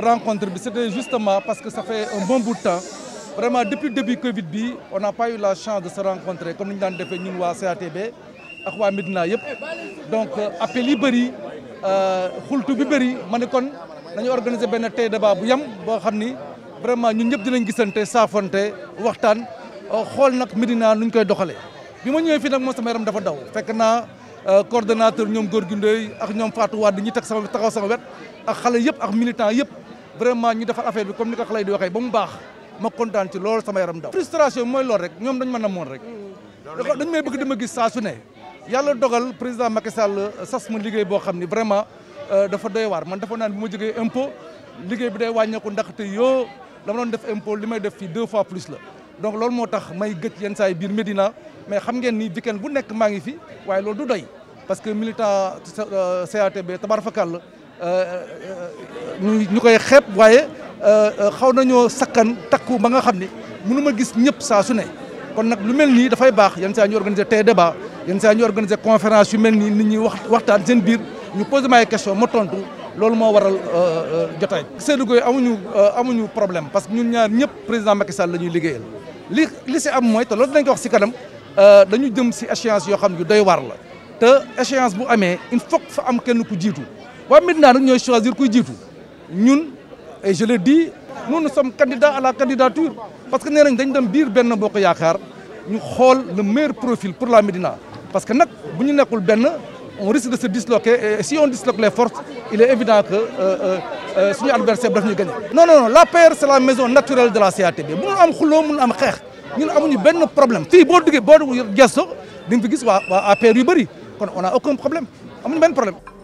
rencontre, c'était justement parce que ça fait un bon bout de temps. Vraiment, depuis le début de Covid, on n'a pas eu la chance de se rencontrer, comme nous l'avons fait, nous, bëri CATB, euh, à Midna. Donc, appel Libéry, Khultou Bibéry, Manekon, nous avons organisé un débat pour nous, vraiment, nous avons gisante, safante, waxtan, euh, xool nag Medina nu ñu koy doxalee bi ma ñëwee fii nag moom sama yaram dafa daw fekk naa euh, coordonnateur ñoom góor gi ak ñoom Fatou Wade ñi teg sama taxaw sama wet xale yëpp ak militant yëpp vraiment ñu defar affaire bi comme ni ko xale di waxee ba mu baax ma kontaan ci loolu sama yaram daw frustration mooy loolu rek ñoom dañ mën a moon rek dañ may bëgg dama gis saa su ne yàlla dogal président Macky Sall sas ma liggéey boo xam ni vraiment euh, dafa doy waar man dafa naan bi ma jógee impôt liggéey bi day wàññeeku te yoo la ma doon def impôt li may def fii deux fois plus la donc loolu moo tax may gëj yenn saay yi biir Médina mais xam ngeen nii weekend bu nekk maa ngi fi waaye loolu du doy parce que militant euh, CATB tabarfakal la Euh, euh, euh, ñu koy xeeb waaye xaw nañoo sakkan takku ba nga xam ni mënu ma gis ñëpp saa su ne kon nag lu mel nii dafay baax yenn saa ñu organiser tey débat yenn saa ñu organiser conférence yu mel nii nit ñi wax waxtaan seen biir ñu posé ma ay question ma tontu loolu moo waral jotaay. Seydou Gueye amuñu amuñu problème parce que ñun ñaar ñëpp président Macky Sall la ñuy liggéeyal li li si am mooy te loolu dinañ ko wax si kanam dañu jëm si échéance yoo xam ne yu doy waar la. te échéance bu amee il faut fa am kenn ku jiitu waa Médina nag ñoo choisir kuy jiitu ñun et je le dis nous nous sommes à la candidature parce que nee nañ dañ dem biir benn bokk yaakaar ñu xool le meilleur profil pour la Médina parce que nag bu ñu nekkul benn on risque de se disloquer et si on disloque les forces il est évident que euh, euh, euh, suñu adversaire daf ñu gagné. non non non l'APR c'est la maison naturelle de la CATB bu mun am xuloo mun am xeex ñun amuñu benn problème fii boo duggee boo gesto di nga fi gis waa waa APR yu bëri. kon on a aucun problème amuñu benn problème